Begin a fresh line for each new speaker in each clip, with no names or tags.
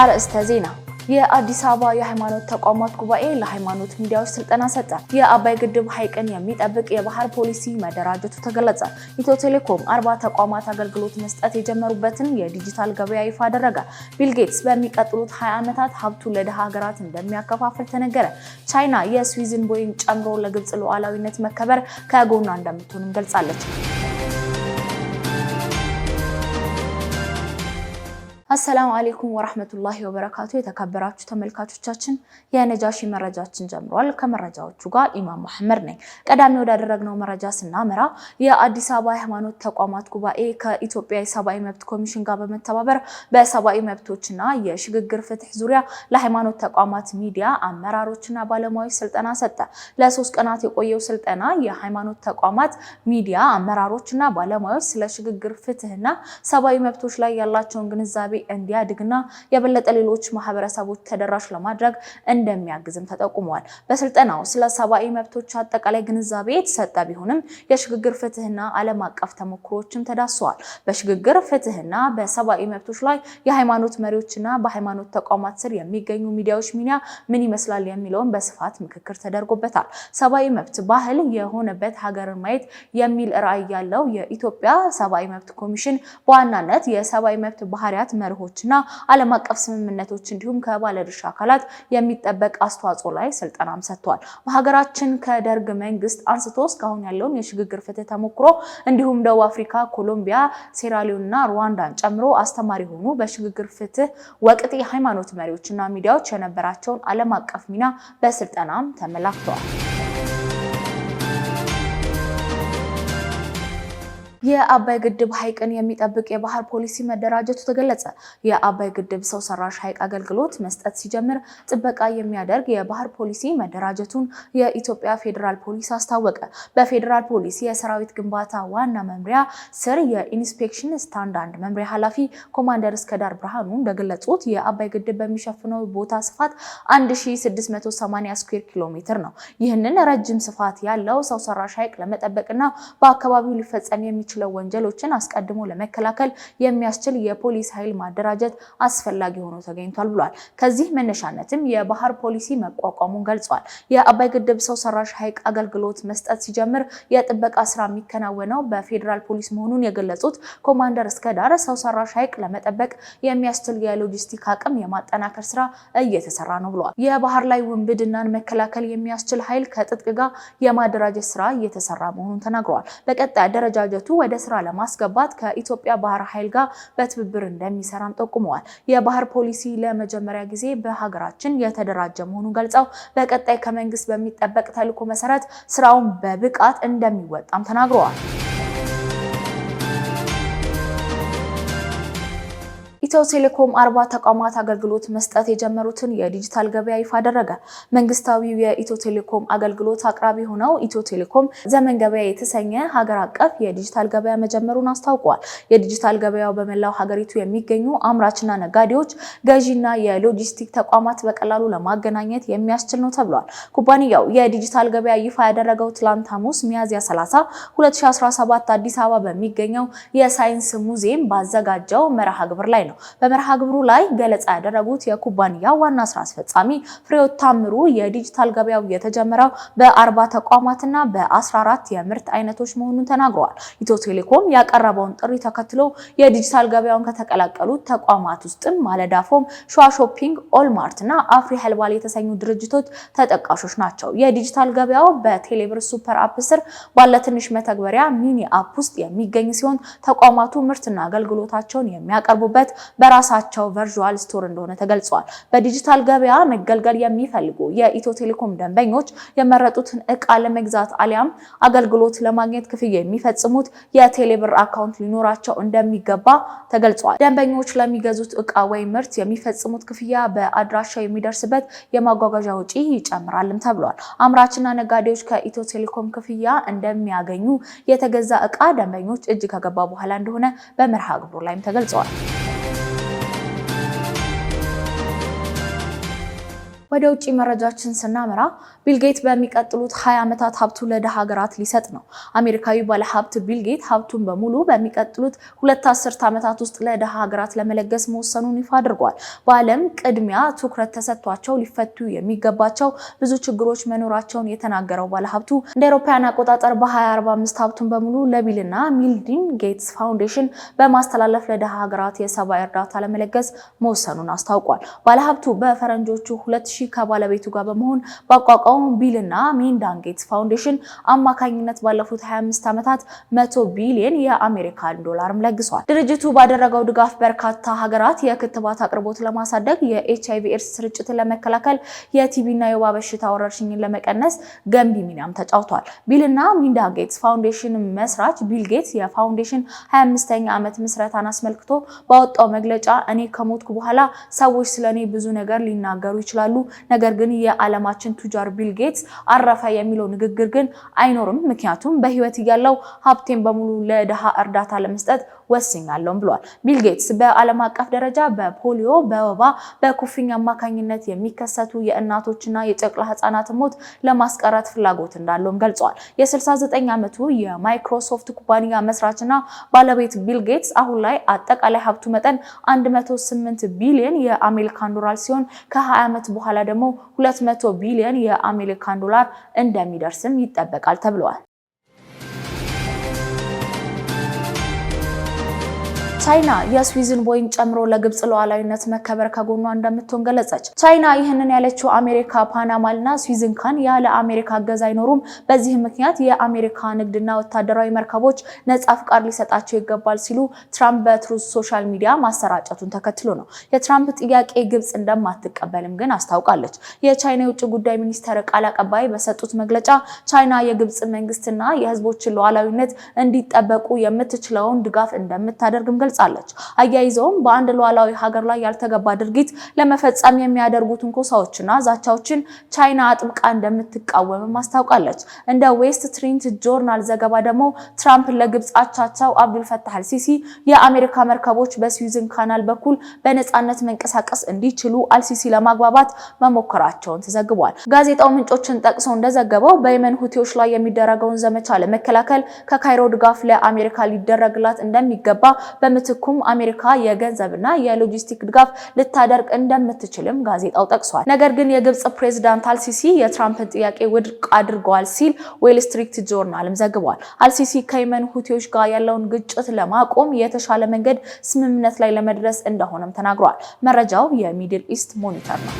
አርዕስተ ዜና የአዲስ አበባ የሃይማኖት ተቋማት ጉባኤ ለሃይማኖት ሚዲያዎች ስልጠና ሰጠ። የአባይ ግድብ ሐይቅን የሚጠብቅ የባህር ፖሊሲ መደራጀቱ ተገለጸ። ኢትዮ ቴሌኮም አርባ ተቋማት አገልግሎት መስጠት የጀመሩበትን የዲጂታል ገበያ ይፋ አደረገ። ቢል ጌትስ በሚቀጥሉት 20 ዓመታት ሀብቱ ለድሃ ሀገራት እንደሚያከፋፍል ተነገረ። ቻይና የስዊዝን ቦይን ጨምሮ ለግብፅ ሉዓላዊነት መከበር ከጎኗ እንደምትሆንም ገልጻለች። አሰላሙ አሌይኩም ወራህመቱላሂ ወበረካቱ። የተከበራችሁ ተመልካቾቻችን የነጃሺ መረጃችን ጀምሯል። ከመረጃዎቹ ጋር ኢማም መሐመድ ነኝ። ቀዳሚ ወዳደረግነው መረጃ ስናመራ የአዲስ አበባ የሃይማኖት ተቋማት ጉባኤ ከኢትዮጵያ የሰብአዊ መብት ኮሚሽን ጋር በመተባበር በሰብአዊ መብቶችና የሽግግር ፍትህ ዙሪያ ለሃይማኖት ተቋማት ሚዲያ አመራሮችና ባለሙያዎች ስልጠና ሰጠ። ለሶስት ቀናት የቆየው ስልጠና የሃይማኖት ተቋማት ሚዲያ አመራሮችና ባለሙያዎች ስለ ሽግግር ፍትህና ሰብአዊ መብቶች ላይ ያላቸውን ግንዛቤ እንዲያድግና የበለጠ ሌሎች ማህበረሰቦች ተደራሽ ለማድረግ እንደሚያግዝም ተጠቁመዋል። በስልጠናው ስለ ሰብአዊ መብቶች አጠቃላይ ግንዛቤ የተሰጠ ቢሆንም የሽግግር ፍትህና ዓለም አቀፍ ተሞክሮችም ተዳሰዋል። በሽግግር ፍትህና በሰብአዊ መብቶች ላይ የሃይማኖት መሪዎችና በሃይማኖት ተቋማት ስር የሚገኙ ሚዲያዎች ሚና ምን ይመስላል የሚለውን በስፋት ምክክር ተደርጎበታል። ሰብአዊ መብት ባህል የሆነበት ሀገርን ማየት የሚል ራዕይ ያለው የኢትዮጵያ ሰብአዊ መብት ኮሚሽን በዋናነት የሰብአዊ መብት ባህሪያት መ መርሆችና ዓለም አቀፍ ስምምነቶች እንዲሁም ከባለድርሻ አካላት የሚጠበቅ አስተዋጽኦ ላይ ስልጠናም ሰጥቷል። በሀገራችን ከደርግ መንግስት አንስቶ እስካሁን ያለውን የሽግግር ፍትህ ተሞክሮ እንዲሁም ደቡብ አፍሪካ፣ ኮሎምቢያ፣ ሴራሊዮንና ሩዋንዳን ጨምሮ አስተማሪ ሆኑ በሽግግር ፍትህ ወቅት የሃይማኖት መሪዎችና ሚዲያዎች የነበራቸውን ዓለም አቀፍ ሚና በስልጠናም ተመላክተዋል። የአባይ ግድብ ሐይቅን የሚጠብቅ የባህር ፖሊሲ መደራጀቱ ተገለጸ። የአባይ ግድብ ሰው ሰራሽ ሐይቅ አገልግሎት መስጠት ሲጀምር ጥበቃ የሚያደርግ የባህር ፖሊሲ መደራጀቱን የኢትዮጵያ ፌዴራል ፖሊስ አስታወቀ። በፌዴራል ፖሊስ የሰራዊት ግንባታ ዋና መምሪያ ስር የኢንስፔክሽን ስታንዳርድ መምሪያ ኃላፊ ኮማንደር እስከዳር ብርሃኑ እንደገለጹት የአባይ ግድብ በሚሸፍነው ቦታ ስፋት 1680 ስኩዌር ኪሎ ሜትር ነው። ይህንን ረጅም ስፋት ያለው ሰው ሰራሽ ሐይቅ ለመጠበቅና በአካባቢው ሊፈጸም የሚችል የሚችለው ወንጀሎችን አስቀድሞ ለመከላከል የሚያስችል የፖሊስ ኃይል ማደራጀት አስፈላጊ ሆኖ ተገኝቷል ብሏል። ከዚህ መነሻነትም የባህር ፖሊሲ መቋቋሙን ገልጿል። የአባይ ግድብ ሰው ሰራሽ ሐይቅ አገልግሎት መስጠት ሲጀምር የጥበቃ ስራ የሚከናወነው በፌዴራል ፖሊስ መሆኑን የገለጹት ኮማንደር እስከ ዳር ሰው ሰራሽ ሐይቅ ለመጠበቅ የሚያስችል የሎጂስቲክ አቅም የማጠናከር ስራ እየተሰራ ነው ብሏል። የባህር ላይ ውንብድናን መከላከል የሚያስችል ኃይል ከጥጥቅ ጋር የማደራጀት ስራ እየተሰራ መሆኑን ተናግረዋል። በቀጣይ አደረጃጀቱ ወደ ስራ ለማስገባት ከኢትዮጵያ ባህር ኃይል ጋር በትብብር እንደሚሰራም ጠቁመዋል። የባህር ፖሊሲ ለመጀመሪያ ጊዜ በሀገራችን የተደራጀ መሆኑን ገልጸው በቀጣይ ከመንግስት በሚጠበቅ ተልዕኮ መሰረት ስራውን በብቃት እንደሚወጣም ተናግረዋል። ኢትዮ ቴሌኮም አርባ ተቋማት አገልግሎት መስጠት የጀመሩትን የዲጂታል ገበያ ይፋ አደረገ። መንግስታዊው የኢትዮ ቴሌኮም አገልግሎት አቅራቢ ሆነው ኢትዮ ቴሌኮም ዘመን ገበያ የተሰኘ ሀገር አቀፍ የዲጂታል ገበያ መጀመሩን አስታውቋል። የዲጂታል ገበያው በመላው ሀገሪቱ የሚገኙ አምራችና ነጋዴዎች፣ ገዢና የሎጂስቲክ ተቋማት በቀላሉ ለማገናኘት የሚያስችል ነው ተብሏል። ኩባንያው የዲጂታል ገበያ ይፋ ያደረገው ትላንት ሐሙስ ሚያዝያ 30 2017 አዲስ አበባ በሚገኘው የሳይንስ ሙዚየም ባዘጋጀው መርሃ ግብር ላይ ነው። በመርሃ ግብሩ ላይ ገለጻ ያደረጉት የኩባንያ ዋና ስራ አስፈጻሚ ፍሬዎት ታምሩ የዲጂታል ገበያው የተጀመረው በአርባ ተቋማትና በ14 የምርት አይነቶች መሆኑን ተናግረዋል። ኢትዮ ቴሌኮም ያቀረበውን ጥሪ ተከትሎ የዲጂታል ገበያውን ከተቀላቀሉት ተቋማት ውስጥም ማለዳፎም፣ ሸዋ ሾፒንግ፣ ኦልማርት እና አፍሪ ሄልባል የተሰኙ ድርጅቶች ተጠቃሾች ናቸው። የዲጂታል ገበያው በቴሌብር ሱፐር አፕ ስር ባለ ትንሽ መተግበሪያ ሚኒ አፕ ውስጥ የሚገኝ ሲሆን ተቋማቱ ምርትና አገልግሎታቸውን የሚያቀርቡበት በራሳቸው ቨርቹዋል ስቶር እንደሆነ ተገልጿል። በዲጂታል ገበያ መገልገል የሚፈልጉ የኢትዮ ቴሌኮም ደንበኞች የመረጡትን እቃ ለመግዛት አሊያም አገልግሎት ለማግኘት ክፍያ የሚፈጽሙት የቴሌብር አካውንት ሊኖራቸው እንደሚገባ ተገልጿል። ደንበኞች ለሚገዙት እቃ ወይም ምርት የሚፈጽሙት ክፍያ በአድራሻ የሚደርስበት የማጓጓዣ ውጪ ይጨምራልም ተብሏል። አምራችና ነጋዴዎች ከኢትዮ ቴሌኮም ክፍያ እንደሚያገኙ የተገዛ እቃ ደንበኞች እጅ ከገባ በኋላ እንደሆነ በመርሃ ግብሩ ላይም ተገልጸዋል። ወደ ውጭ መረጃችን ስናመራ ቢልጌት በሚቀጥሉት ሀያ ዓመታት ሀብቱ ለድሃ ሀገራት ሊሰጥ ነው። አሜሪካዊ ባለሀብት ቢልጌት ሀብቱን በሙሉ በሚቀጥሉት ሁለት አስርት ዓመታት ውስጥ ለድሃ ሀገራት ለመለገስ መወሰኑን ይፋ አድርጓል። በዓለም ቅድሚያ ትኩረት ተሰጥቷቸው ሊፈቱ የሚገባቸው ብዙ ችግሮች መኖራቸውን የተናገረው ባለሀብቱ እንደ አውሮፓውያን አቆጣጠር በ2045 ሀብቱን በሙሉ ለቢልና ሚልዲን ጌትስ ፋውንዴሽን በማስተላለፍ ለድሃ ሀገራት የሰብአዊ እርዳታ ለመለገስ መወሰኑን አስታውቋል። ባለሀብቱ በፈረንጆቹ 2000 ሺህ ከባለቤቱ ጋር በመሆን ባቋቋሙ ቢልና ሜሊንዳ ጌትስ ፋውንዴሽን አማካኝነት ባለፉት 25 ዓመታት 100 ቢሊዮን የአሜሪካን ዶላርም ለግሷል። ድርጅቱ ባደረገው ድጋፍ በርካታ ሀገራት የክትባት አቅርቦት ለማሳደግ፣ አይቪ ኤድስ ስርጭትን ለመከላከል፣ የቲቢና የወባ በሽታ ወረርሽኝን ለመቀነስ ገንቢ ሚናም ተጫውቷል። ቢልና ሜሊንዳ ጌትስ ፋውንዴሽን መስራች ቢል ጌትስ የፋውንዴሽን 25ኛ ዓመት ምስረታን አስመልክቶ ባወጣው መግለጫ እኔ ከሞትኩ በኋላ ሰዎች ስለ እኔ ብዙ ነገር ሊናገሩ ይችላሉ፣ ነገር ግን የዓለማችን ቱጃር ቢል ጌትስ አረፈ የሚለው ንግግር ግን አይኖርም። ምክንያቱም በህይወት እያለው ሀብቴን በሙሉ ለድሃ እርዳታ ለመስጠት ወስኛለሁም ብሏል። ቢል ጌትስ በዓለም አቀፍ ደረጃ በፖሊዮ በወባ በኩፍኝ አማካኝነት የሚከሰቱ የእናቶችና የጨቅላ ህጻናት ሞት ለማስቀረት ፍላጎት እንዳለውም ገልጸዋል። የ69 ዓመቱ የማይክሮሶፍት ኩባንያ መስራችና ባለቤት ቢል ጌትስ አሁን ላይ አጠቃላይ ሀብቱ መጠን 108 ቢሊዮን የአሜሪካን ዶላር ሲሆን ከ20 ዓመት በኋላ ደግሞ 200 ቢሊዮን የአሜሪካን ዶላር እንደሚደርስም ይጠበቃል ተብለዋል። ቻይና የስዊዝን ቦይን ጨምሮ ለግብጽ ሉዓላዊነት መከበር ከጎኗ እንደምትሆን ገለጸች። ቻይና ይህንን ያለችው አሜሪካ ፓናማና ስዊዝን ካን ያለ አሜሪካ እገዛ አይኖሩም፣ በዚህ ምክንያት የአሜሪካ ንግድና ወታደራዊ መርከቦች ነጻ ፍቃድ ሊሰጣቸው ይገባል ሲሉ ትራምፕ በትሩዝ ሶሻል ሚዲያ ማሰራጨቱን ተከትሎ ነው። የትራምፕ ጥያቄ ግብጽ እንደማትቀበልም ግን አስታውቃለች። የቻይና የውጭ ጉዳይ ሚኒስቴር ቃል አቀባይ በሰጡት መግለጫ ቻይና የግብጽ መንግስትና የህዝቦችን ሉዓላዊነት እንዲጠበቁ የምትችለውን ድጋፍ እንደምታደርግም ገልጸዋል። ገልጻለች። አያይዘውም በአንድ ሉዓላዊ ሀገር ላይ ያልተገባ ድርጊት ለመፈጸም የሚያደርጉ ትንኮሳዎችና ዛቻዎችን ቻይና አጥብቃ እንደምትቃወም አስታውቃለች። እንደ ዌስት ትሪንት ጆርናል ዘገባ ደግሞ ትራምፕ ለግብፅ አቻቸው አብዱልፈታህ አልሲሲ የአሜሪካ መርከቦች በስዊዝን ካናል በኩል በነፃነት መንቀሳቀስ እንዲችሉ አልሲሲ ለማግባባት መሞከራቸውን ተዘግቧል። ጋዜጣው ምንጮችን ጠቅሶ እንደዘገበው በየመን ሁቲዎች ላይ የሚደረገውን ዘመቻ ለመከላከል ከካይሮ ድጋፍ ለአሜሪካ ሊደረግላት እንደሚገባ በም በምትኩም አሜሪካ የገንዘብና የሎጂስቲክ ድጋፍ ልታደርግ እንደምትችልም ጋዜጣው ጠቅሷል። ነገር ግን የግብጽ ፕሬዚዳንት አልሲሲ የትራምፕን ጥያቄ ውድቅ አድርገዋል ሲል ዌል ስትሪት ጆርናልም ዘግቧል። አልሲሲ ከየመን ሁቲዎች ጋር ያለውን ግጭት ለማቆም የተሻለ መንገድ ስምምነት ላይ ለመድረስ እንደሆነም ተናግሯል። መረጃው የሚድል ኢስት ሞኒተር ነው።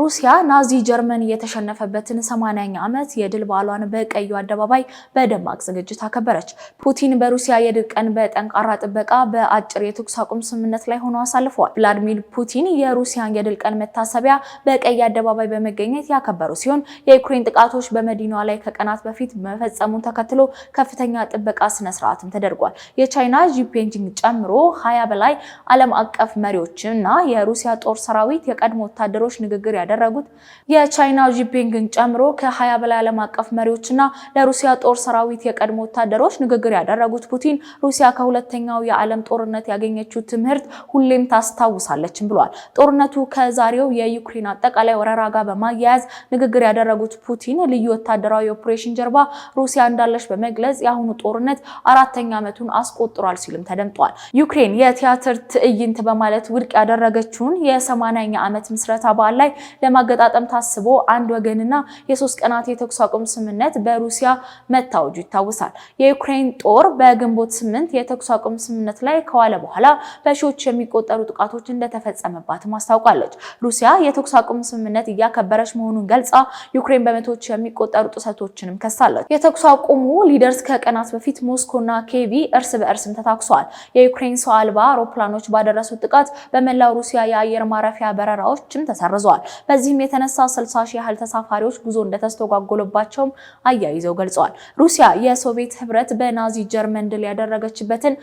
ሩሲያ ናዚ ጀርመን የተሸነፈበትን ሰማንያኛ ዓመት የድል በዓሏን በቀዩ አደባባይ በደማቅ ዝግጅት አከበረች። ፑቲን በሩሲያ የድል ቀን በጠንካራ ጥበቃ በአጭር የተኩስ አቁም ስምምነት ላይ ሆኖ አሳልፈዋል። ቭላዲሚር ፑቲን የሩሲያን የድል ቀን መታሰቢያ በቀይ አደባባይ በመገኘት ያከበሩ ሲሆን የዩክሬን ጥቃቶች በመዲናዋ ላይ ከቀናት በፊት መፈጸሙን ተከትሎ ከፍተኛ ጥበቃ ስነስርዓትም ተደርጓል። የቻይና ጂፔንጂንግ ጨምሮ ሀያ በላይ ዓለም አቀፍ መሪዎች እና የሩሲያ ጦር ሰራዊት የቀድሞ ወታደሮች ንግግር ያደረጉት የቻይና ጂፒንግን ጨምሮ ከ20 በላይ ዓለም አቀፍ መሪዎችና ለሩሲያ ጦር ሰራዊት የቀድሞ ወታደሮች ንግግር ያደረጉት ፑቲን ሩሲያ ከሁለተኛው የዓለም ጦርነት ያገኘችው ትምህርት ሁሌም ታስታውሳለችም ብሏል። ጦርነቱ ከዛሬው የዩክሬን አጠቃላይ ወረራ ጋር በማያያዝ ንግግር ያደረጉት ፑቲን ልዩ ወታደራዊ ኦፕሬሽን ጀርባ ሩሲያ እንዳለች በመግለጽ የአሁኑ ጦርነት አራተኛ ዓመቱን አስቆጥሯል ሲልም ተደምጧል። ዩክሬን የቲያትር ትዕይንት በማለት ውድቅ ያደረገችውን የ80ኛ ዓመት ምስረታ በዓል ላይ ለማገጣጠም ታስቦ አንድ ወገንና የሶስት ቀናት የተኩስ አቁም ስምምነት በሩሲያ መታወጁ ይታወሳል። የዩክሬን ጦር በግንቦት ስምንት የተኩስ አቁም ስምምነት ላይ ከዋለ በኋላ በሺዎች የሚቆጠሩ ጥቃቶች እንደተፈጸመባትም አስታውቃለች። ሩሲያ የተኩስ አቁም ስምምነት እያከበረች መሆኑን ገልጻ ዩክሬን በመቶዎች የሚቆጠሩ ጥሰቶችንም ከሳለች። የተኩስ አቁሙ ሊደርስ ከቀናት በፊት ሞስኮና ኬቪ እርስ በእርስም ተታኩሰዋል። የዩክሬን ሰው አልባ አውሮፕላኖች ባደረሱት ጥቃት በመላው ሩሲያ የአየር ማረፊያ በረራዎችም ተሰርዘዋል። በዚህም የተነሳ 60 ሺህ ያህል ተሳፋሪዎች ጉዞ እንደተስተጓጎለባቸውም አያይዘው ገልጸዋል። ሩሲያ የሶቪየት ህብረት በናዚ ጀርመን ድል ያደረገችበትን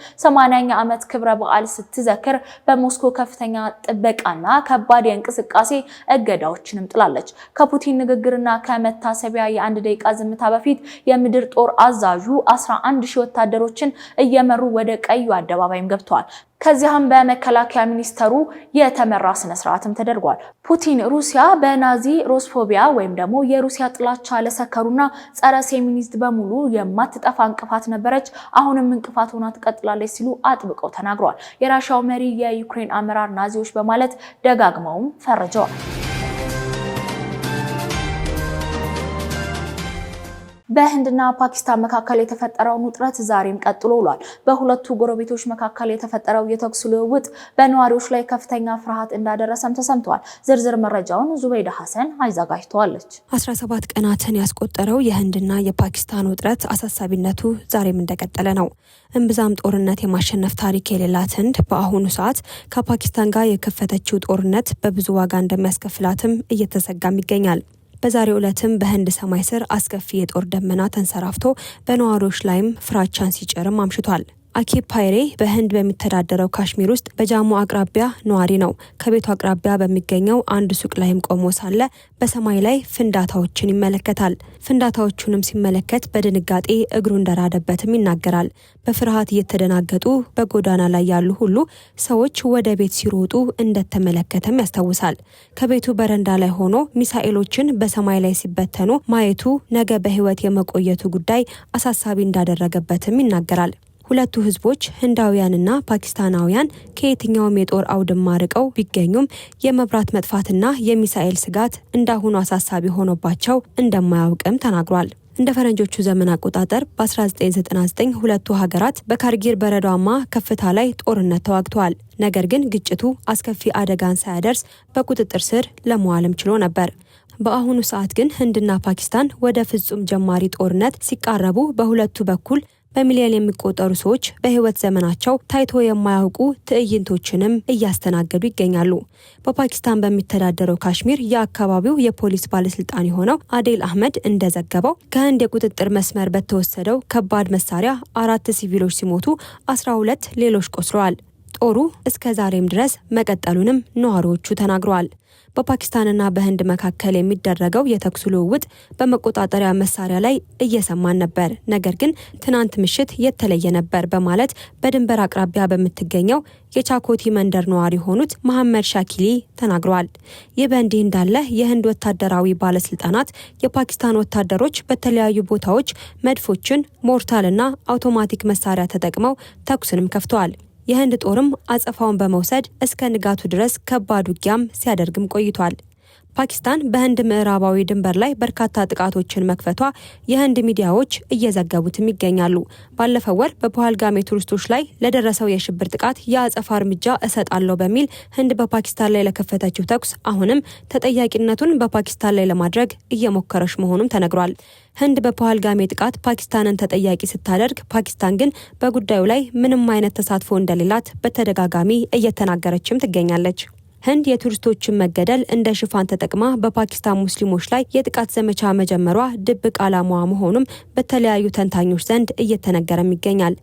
ኛ ዓመት ክብረ በዓል ስትዘክር በሞስኮ ከፍተኛ ጥበቃና ከባድ የእንቅስቃሴ እገዳዎችንም ጥላለች። ከፑቲን ንግግርና ከመታሰቢያ የአንድ ደቂቃ ዝምታ በፊት የምድር ጦር አዛዡ 11 ሺህ ወታደሮችን እየመሩ ወደ ቀዩ አደባባይም ገብተዋል። ከዚያም በመከላከያ ሚኒስተሩ የተመራ ስነስርዓትም ተደርጓል። ፑቲን ሩሲያ በናዚ ሮስፎቢያ ወይም ደግሞ የሩሲያ ጥላቻ ለሰከሩና ጸረ ሴሚኒስት በሙሉ የማትጠፋ እንቅፋት ነበረች፣ አሁንም እንቅፋት ሆና ትቀጥላለች ሲሉ አጥብቀው ተናግረዋል። የራሻው መሪ የዩክሬን አመራር ናዚዎች በማለት ደጋግመውም ፈርጀዋል። በህንድና ፓኪስታን መካከል የተፈጠረውን ውጥረት ዛሬም ቀጥሎ ውሏል። በሁለቱ ጎረቤቶች መካከል የተፈጠረው የተኩስ ልውውጥ በነዋሪዎች ላይ ከፍተኛ ፍርሃት እንዳደረሰም ተሰምተዋል። ዝርዝር መረጃውን ዙበይዳ ሐሰን አዘጋጅተዋለች። 17 ቀናትን ያስቆጠረው የህንድና የፓኪስታን ውጥረት አሳሳቢነቱ ዛሬም እንደቀጠለ ነው። እምብዛም ጦርነት የማሸነፍ ታሪክ የሌላት ህንድ በአሁኑ ሰዓት ከፓኪስታን ጋር የከፈተችው ጦርነት በብዙ ዋጋ እንደሚያስከፍላትም እየተሰጋም ይገኛል። በዛሬው ዕለትም በህንድ ሰማይ ስር አስከፊ የጦር ደመና ተንሰራፍቶ በነዋሪዎች ላይም ፍራቻን ሲጨርም አምሽቷል። አኬፓይሬ ፓይሬ በህንድ በሚተዳደረው ካሽሚር ውስጥ በጃሙ አቅራቢያ ነዋሪ ነው። ከቤቱ አቅራቢያ በሚገኘው አንድ ሱቅ ላይም ቆሞ ሳለ በሰማይ ላይ ፍንዳታዎችን ይመለከታል። ፍንዳታዎቹንም ሲመለከት በድንጋጤ እግሩ እንደራደበትም ይናገራል። በፍርሃት እየተደናገጡ በጎዳና ላይ ያሉ ሁሉ ሰዎች ወደ ቤት ሲሮጡ እንደተመለከተም ያስታውሳል። ከቤቱ በረንዳ ላይ ሆኖ ሚሳኤሎችን በሰማይ ላይ ሲበተኑ ማየቱ ነገ በህይወት የመቆየቱ ጉዳይ አሳሳቢ እንዳደረገበትም ይናገራል። ሁለቱ ህዝቦች ህንዳውያንና ፓኪስታናውያን ከየትኛውም የጦር አውድማ ርቀው ቢገኙም የመብራት መጥፋትና የሚሳኤል ስጋት እንዳሁኑ አሳሳቢ ሆኖባቸው እንደማያውቅም ተናግሯል። እንደ ፈረንጆቹ ዘመን አቆጣጠር በ1999 ሁለቱ ሀገራት በካርጊር በረዷማ ከፍታ ላይ ጦርነት ተዋግተዋል። ነገር ግን ግጭቱ አስከፊ አደጋን ሳያደርስ በቁጥጥር ስር ለመዋልም ችሎ ነበር። በአሁኑ ሰዓት ግን ህንድና ፓኪስታን ወደ ፍጹም ጀማሪ ጦርነት ሲቃረቡ በሁለቱ በኩል በሚሊዮን የሚቆጠሩ ሰዎች በህይወት ዘመናቸው ታይቶ የማያውቁ ትዕይንቶችንም እያስተናገዱ ይገኛሉ። በፓኪስታን በሚተዳደረው ካሽሚር የአካባቢው የፖሊስ ባለስልጣን የሆነው አዴል አህመድ እንደዘገበው ከህንድ የቁጥጥር መስመር በተወሰደው ከባድ መሳሪያ አራት ሲቪሎች ሲሞቱ አስራ ሁለት ሌሎች ቆስለዋል። ጦሩ እስከ ዛሬም ድረስ መቀጠሉንም ነዋሪዎቹ ተናግረዋል። በፓኪስታንና በህንድ መካከል የሚደረገው የተኩስ ልውውጥ በመቆጣጠሪያ መሳሪያ ላይ እየሰማን ነበር፣ ነገር ግን ትናንት ምሽት የተለየ ነበር በማለት በድንበር አቅራቢያ በምትገኘው የቻኮቲ መንደር ነዋሪ የሆኑት መሐመድ ሻኪሊ ተናግረዋል። ይህ በእንዲህ እንዳለ የህንድ ወታደራዊ ባለስልጣናት የፓኪስታን ወታደሮች በተለያዩ ቦታዎች መድፎችን፣ ሞርታልና አውቶማቲክ መሳሪያ ተጠቅመው ተኩስንም ከፍተዋል። የህንድ ጦርም አጸፋውን በመውሰድ እስከ ንጋቱ ድረስ ከባድ ውጊያም ሲያደርግም ቆይቷል። ፓኪስታን በህንድ ምዕራባዊ ድንበር ላይ በርካታ ጥቃቶችን መክፈቷ የህንድ ሚዲያዎች እየዘገቡትም ይገኛሉ። ባለፈው ወር በፖሃልጋሜ ቱሪስቶች ላይ ለደረሰው የሽብር ጥቃት የአጸፋ እርምጃ እሰጣለሁ በሚል ህንድ በፓኪስታን ላይ ለከፈተችው ተኩስ አሁንም ተጠያቂነቱን በፓኪስታን ላይ ለማድረግ እየሞከረች መሆኑም ተነግሯል። ህንድ በፖሃልጋሜ ጥቃት ፓኪስታንን ተጠያቂ ስታደርግ ፓኪስታን ግን በጉዳዩ ላይ ምንም አይነት ተሳትፎ እንደሌላት በተደጋጋሚ እየተናገረችም ትገኛለች። ህንድ የቱሪስቶችን መገደል እንደ ሽፋን ተጠቅማ በፓኪስታን ሙስሊሞች ላይ የጥቃት ዘመቻ መጀመሯ ድብቅ ዓላማዋ መሆኑም በተለያዩ ተንታኞች ዘንድ እየተነገረም ይገኛል።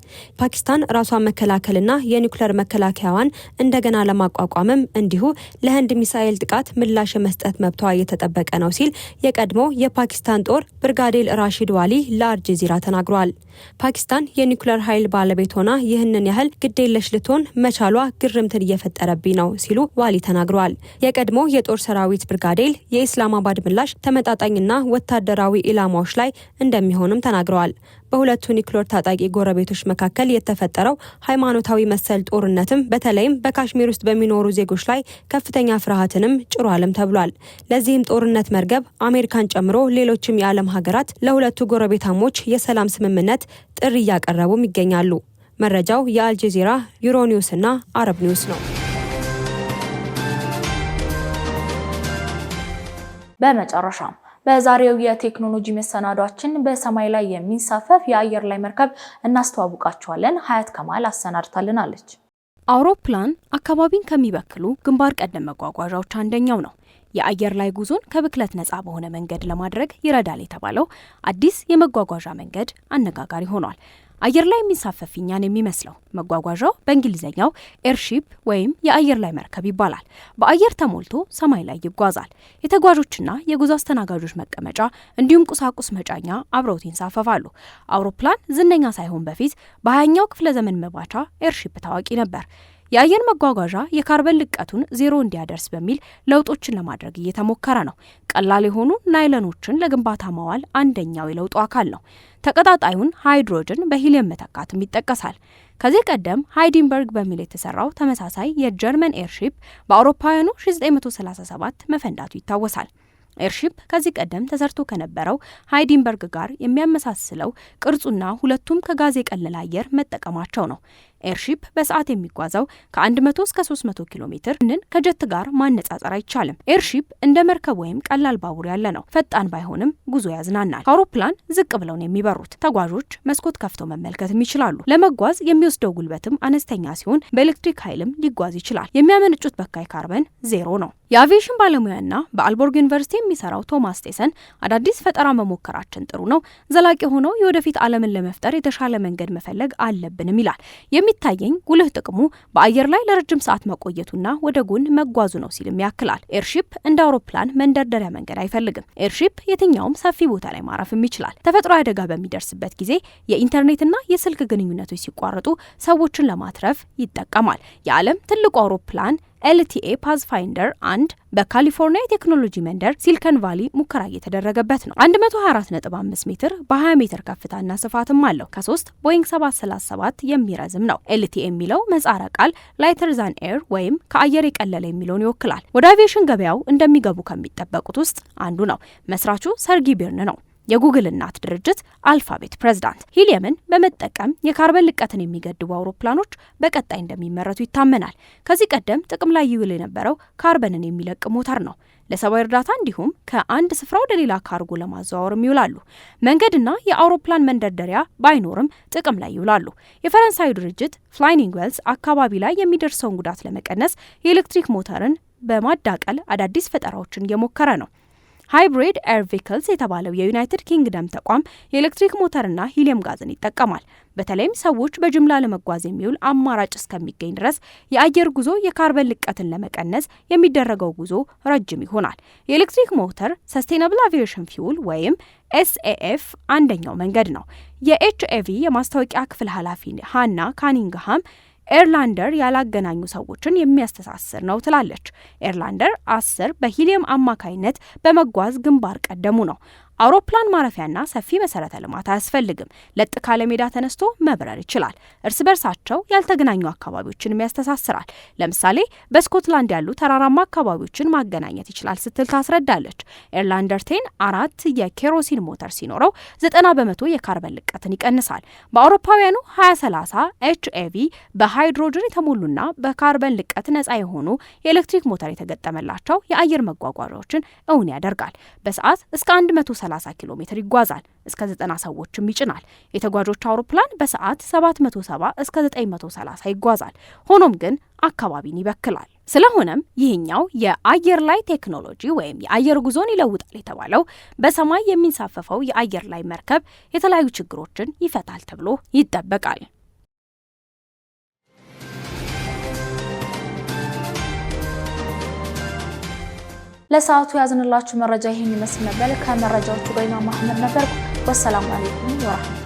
ፓኪስታን ራሷን መከላከልና የኒውክለር መከላከያዋን እንደገና ለማቋቋምም እንዲሁ ለህንድ ሚሳኤል ጥቃት ምላሽ የመስጠት መብቷ እየተጠበቀ ነው ሲል የቀድሞ የፓኪስታን ጦር ብርጋዴል ራሺድ ዋሊ ለአልጀዚራ ተናግሯል። ፓኪስታን የኒውክሌር ኃይል ባለቤት ሆና ይህንን ያህል ግዴለሽ ልትሆን መቻሏ ግርምትን እየፈጠረብኝ ነው ሲሉ ዋሊ ተናግረዋል። የቀድሞ የጦር ሰራዊት ብርጋዴል የኢስላማባድ ምላሽ ተመጣጣኝና ወታደራዊ ኢላማዎች ላይ እንደሚሆንም ተናግረዋል። በሁለቱ ኒክሎር ታጣቂ ጎረቤቶች መካከል የተፈጠረው ሃይማኖታዊ መሰል ጦርነትም በተለይም በካሽሚር ውስጥ በሚኖሩ ዜጎች ላይ ከፍተኛ ፍርሃትንም ጭሯልም ተብሏል። ለዚህም ጦርነት መርገብ አሜሪካን ጨምሮ ሌሎችም የዓለም ሀገራት ለሁለቱ ጎረቤታሞች የሰላም ስምምነት ጥሪ እያቀረቡም ይገኛሉ። መረጃው የአልጀዚራ ዩሮኒውስ እና አረብ ኒውስ ነው። በመጨረሻም በዛሬው የቴክኖሎጂ መሰናዷችን በሰማይ ላይ የሚንሳፈፍ የአየር ላይ መርከብ እናስተዋውቃቸዋለን። ሀያት ከማል አሰናድታልናለች። አውሮፕላን አካባቢን ከሚበክሉ ግንባር ቀደም መጓጓዣዎች አንደኛው ነው። የአየር ላይ ጉዞን ከብክለት ነፃ በሆነ መንገድ ለማድረግ ይረዳል የተባለው አዲስ የመጓጓዣ መንገድ አነጋጋሪ ሆኗል። አየር ላይ የሚንሳፈፍ እኛን የሚመስለው መጓጓዣው በእንግሊዝኛው ኤርሺፕ ወይም የአየር ላይ መርከብ ይባላል። በአየር ተሞልቶ ሰማይ ላይ ይጓዛል። የተጓዦችና የጉዞ አስተናጋጆች መቀመጫ እንዲሁም ቁሳቁስ መጫኛ አብረውት ይንሳፈፋሉ። አውሮፕላን ዝነኛ ሳይሆን በፊት በሀያኛው ክፍለ ዘመን መባቻ ኤርሺፕ ታዋቂ ነበር። የአየር መጓጓዣ የካርበን ልቀቱን ዜሮ እንዲያደርስ በሚል ለውጦችን ለማድረግ እየተሞከረ ነው። ቀላል የሆኑ ናይለኖችን ለግንባታ ማዋል አንደኛው የለውጡ አካል ነው። ተቀጣጣዩን ሃይድሮጅን በሂሊየም መተካትም ይጠቀሳል። ከዚህ ቀደም ሃይዲንበርግ በሚል የተሰራው ተመሳሳይ የጀርመን ኤርሺፕ በአውሮፓውያኑ 1937 መፈንዳቱ ይታወሳል። ኤርሺፕ ከዚህ ቀደም ተሰርቶ ከነበረው ሃይዲንበርግ ጋር የሚያመሳስለው ቅርጹና ሁለቱም ከጋዝ የቀለለ አየር መጠቀማቸው ነው። ኤርሺፕ በሰዓት የሚጓዘው ከ100 እስከ 300 ኪሎ ሜትር ንን ከጀት ጋር ማነጻጸር አይቻልም። ኤርሺፕ እንደ መርከብ ወይም ቀላል ባቡር ያለ ነው። ፈጣን ባይሆንም ጉዞ ያዝናናል። ከአውሮፕላን ዝቅ ብለው ነው የሚበሩት። ተጓዦች መስኮት ከፍተው መመልከትም ይችላሉ። ለመጓዝ የሚወስደው ጉልበትም አነስተኛ ሲሆን በኤሌክትሪክ ኃይልም ሊጓዝ ይችላል። የሚያመነጩት በካይ ካርበን ዜሮ ነው። የአቪዬሽን ባለሙያና በአልቦርግ ዩኒቨርሲቲ የሚሰራው ቶማስ ቴሰን አዳዲስ ፈጠራ መሞከራችን ጥሩ ነው፣ ዘላቂ ሆነው የወደፊት ዓለምን ለመፍጠር የተሻለ መንገድ መፈለግ አለብንም ይላል። የሚታየኝ ጉልህ ጥቅሙ በአየር ላይ ለረጅም ሰዓት መቆየቱና ወደ ጎን መጓዙ ነው ሲልም ያክላል። ኤርሺፕ እንደ አውሮፕላን መንደርደሪያ መንገድ አይፈልግም። ኤርሺፕ የትኛውም ሰፊ ቦታ ላይ ማረፍም ይችላል። ተፈጥሮ አደጋ በሚደርስበት ጊዜ የኢንተርኔትና የስልክ ግንኙነቶች ሲቋረጡ ሰዎችን ለማትረፍ ይጠቀማል። የዓለም ትልቁ አውሮፕላን ኤልቲኤ ፓዝፋይንደር አንድ በካሊፎርኒያ የቴክኖሎጂ መንደር ሲሊከን ቫሊ ሙከራ እየተደረገበት ነው። 124.5 ሜትር በ20 ሜትር ከፍታና ስፋትም አለው። ከሶስት ቦይንግ 737 የሚረዝም ነው። ኤልቲኤ የሚለው መጻረ ቃል ላይተር ዛን ኤር ወይም ከአየር የቀለለ የሚለውን ይወክላል። ወደ አቪዬሽን ገበያው እንደሚገቡ ከሚጠበቁት ውስጥ አንዱ ነው። መስራቹ ሰርጊ ቢርን ነው። የጉግል እናት ድርጅት አልፋቤት ፕሬዝዳንት ሂሊየምን በመጠቀም የካርበን ልቀትን የሚገድቡ አውሮፕላኖች በቀጣይ እንደሚመረቱ ይታመናል። ከዚህ ቀደም ጥቅም ላይ ይውል የነበረው ካርበንን የሚለቅ ሞተር ነው። ለሰብአዊ እርዳታ እንዲሁም ከአንድ ስፍራ ወደ ሌላ ካርጎ ለማዘዋወርም ይውላሉ። መንገድና የአውሮፕላን መንደርደሪያ ባይኖርም ጥቅም ላይ ይውላሉ። የፈረንሳዩ ድርጅት ፍላይንግ ዌልስ አካባቢ ላይ የሚደርሰውን ጉዳት ለመቀነስ የኤሌክትሪክ ሞተርን በማዳቀል አዳዲስ ፈጠራዎችን እየሞከረ ነው። ሃይብሪድ ኤር ቪክልስ የተባለው የዩናይትድ ኪንግደም ተቋም የኤሌክትሪክ ሞተርና ሂሊየም ጋዝን ይጠቀማል። በተለይም ሰዎች በጅምላ ለመጓዝ የሚውል አማራጭ እስከሚገኝ ድረስ የአየር ጉዞ የካርበን ልቀትን ለመቀነስ የሚደረገው ጉዞ ረጅም ይሆናል። የኤሌክትሪክ ሞተር ሰስቴናብል አቪዬሽን ፊውል ወይም ኤስኤኤፍ አንደኛው መንገድ ነው። የኤችኤቪ የማስታወቂያ ክፍል ኃላፊ ሃና ካኒንግሃም ኤርላንደር ያላገናኙ ሰዎችን የሚያስተሳስር ነው ትላለች። ኤርላንደር አስር በሂሊየም አማካይነት በመጓዝ ግንባር ቀደሙ ነው። አውሮፕላን ማረፊያና ሰፊ መሰረተ ልማት አያስፈልግም። ለጥ ካለ ሜዳ ተነስቶ መብረር ይችላል። እርስ በርሳቸው ያልተገናኙ አካባቢዎችንም ያስተሳስራል። ለምሳሌ በስኮትላንድ ያሉ ተራራማ አካባቢዎችን ማገናኘት ይችላል ስትል ታስረዳለች። ኤርላንደርቴን አራት የኬሮሲን ሞተር ሲኖረው ዘጠና በመቶ የካርበን ልቀትን ይቀንሳል። በአውሮፓውያኑ 2030 ኤችኤቪ በሃይድሮጅን የተሞሉና በካርበን ልቀት ነጻ የሆኑ የኤሌክትሪክ ሞተር የተገጠመላቸው የአየር መጓጓዣዎችን እውን ያደርጋል። በሰዓት እስከ 130 30 ኪሎ ሜትር ይጓዛል፣ እስከ 90 ሰዎችም ይጭናል። የተጓዦች አውሮፕላን በሰዓት 770 እስከ 930 ይጓዛል። ሆኖም ግን አካባቢን ይበክላል። ስለሆነም ይህኛው የአየር ላይ ቴክኖሎጂ ወይም የአየር ጉዞን ይለውጣል የተባለው በሰማይ የሚንሳፈፈው የአየር ላይ መርከብ የተለያዩ ችግሮችን ይፈታል ተብሎ ይጠበቃል። ለሰዓቱ ያዝንላችሁ መረጃ ይህን ይመስል ነበር። ከመረጃዎቹ ገይማ ማህመድ ነበርኩ። ወሰላሙ አሌይኩም ወረመቱ